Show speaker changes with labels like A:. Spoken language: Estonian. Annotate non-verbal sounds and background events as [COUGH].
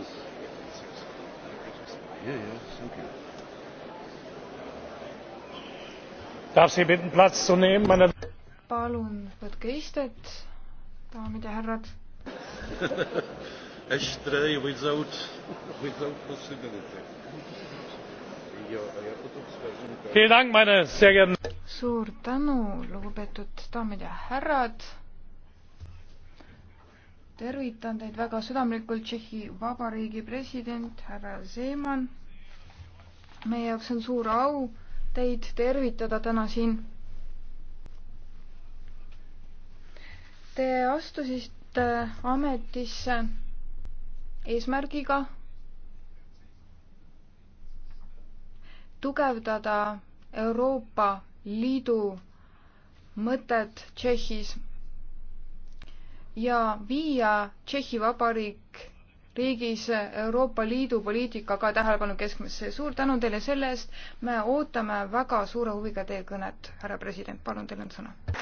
A: this?
B: Yeah, yeah, thank you.
C: Darf Sie bitten, Platz zu nehmen, meine
B: Palun, võtke istet, daamid ja härrad.
C: Ashtray [LAUGHS]
A: without, without possibility. Vielen
D: Dank, meine sehr geehrten. Suur tänu, lugupeetud daamid ja härrad tervitan teid väga südamlikult, Tšehhi Vabariigi president härra Zeman. meie jaoks on suur au teid tervitada täna siin. Te astusite ametisse eesmärgiga tugevdada Euroopa Liidu mõtet Tšehhis ja viia Tšehhi Vabariik riigis Euroopa Liidu poliitikaga tähelepanu keskmesse. suur tänu teile selle eest, me ootame väga suure huviga teie kõnet, härra president, palun, teil on sõna